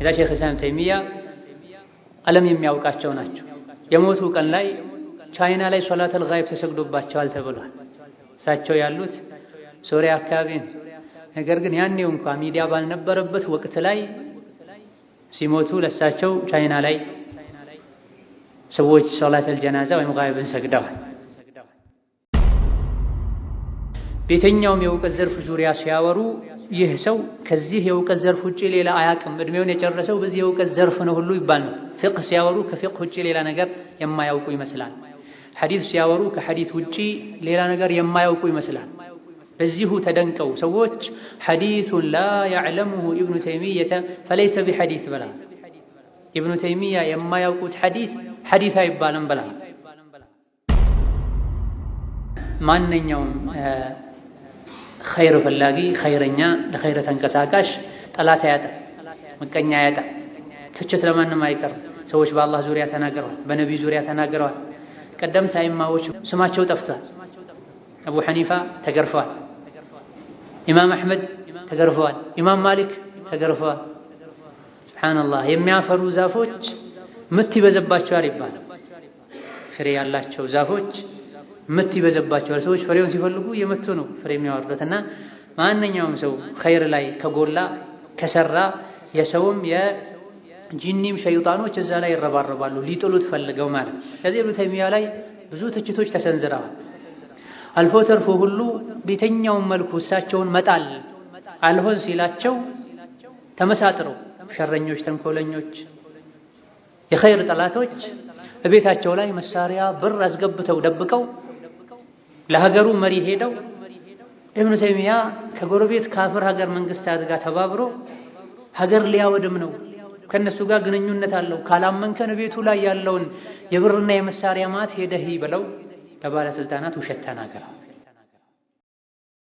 ሌላ ሼክ ኢስላም ተይሚያ ዓለም የሚያውቃቸው ናቸው። የሞቱ ቀን ላይ ቻይና ላይ ሶላተል ጋይብ ተሰግዶባቸዋል ተብሏል። እሳቸው ያሉት ሶሪያ አካባቢ ነው። ነገር ግን ያኔው እንኳ ሚዲያ ባልነበረበት ወቅት ላይ ሲሞቱ ለእሳቸው ቻይና ላይ ሰዎች ሶላተል ጀናዛ ወይም ጋይብን ሰግደዋል። ቤተኛውም የእውቀት ዘርፍ ዙሪያ ሲያወሩ ይህ ሰው ከዚህ የእውቀት ዘርፍ ውጪ ሌላ አያውቅም፣ እድሜውን የጨረሰው በዚህ የእውቀት ዘርፍ ነው ሁሉ ይባል ነው። ፍቅህ ሲያወሩ ከፍቅህ ውጪ ሌላ ነገር የማያውቁ ይመስላል። ሐዲት ሲያወሩ ከሐዲት ውጪ ሌላ ነገር የማያውቁ ይመስላል። በዚሁ ተደንቀው ሰዎች ሐዲቱን ላ ያዕለሙሁ ኢብኑ ተይሚየተ ፈለይሰ ቢሐዲት በላ ኢብኑ ተይሚያ የማያውቁት ሐዲት ሐዲት አይባልም በላ ማንኛውም ኸይር ፈላጊ ኸይረኛ ለኸይረ ተንቀሳቃሽ ጠላት አያጣም፣ ምቀኛ አያጣም። ትችት ለማንም አይቀርም። ሰዎች በአላህ ዙሪያ ተናግረዋል፣ በነቢይ ዙሪያ ተናግረዋል። ቀደምት አይማዎች ስማቸው ጠፍቷል። አቡ ሐኒፋ ተገርፈዋል፣ ኢማም አሕመድ ተገርፈዋል፣ ኢማም ማሊክ ተገርፈዋል። ሱብሓነላህ የሚያፈሩ ዛፎች ምት ይበዘባቸዋል ይባላል። ፍሬ ያላቸው ዛፎች ምት ይበዘባቸዋል። ሰዎች ፍሬውን ሲፈልጉ የምቱ ነው ፍሬ የሚያወርዱት እና ማንኛውም ሰው ኸይር ላይ ከጎላ ከሰራ የሰውም የጂኒም ሸይጣኖች እዛ ላይ ይረባረባሉ ሊጥሉት ፈልገው ማለት። ከዚህ ኢብኑ ተይሚያ ላይ ብዙ ትችቶች ተሰንዝረዋል። አልፎ ተርፎ ሁሉ ቤተኛውን መልኩ እሳቸውን መጣል አልሆን ሲላቸው ተመሳጥረው ሸረኞች፣ ተንኮለኞች፣ የኸይር ጠላቶች እቤታቸው ላይ መሳሪያ ብር አስገብተው ደብቀው ለሀገሩ መሪ ሄደው ኢብኑ ተይሚያ ከጎረቤት ካፍር ሀገር መንግስታት ጋር ተባብሮ ሀገር ሊያወድም ነው፣ ከነሱ ጋር ግንኙነት አለው፣ ካላመንከን ቤቱ ላይ ያለውን የብርና የመሳሪያ ማት ሄደህ ብለው ለባለስልጣናት ውሸት ተናገረ።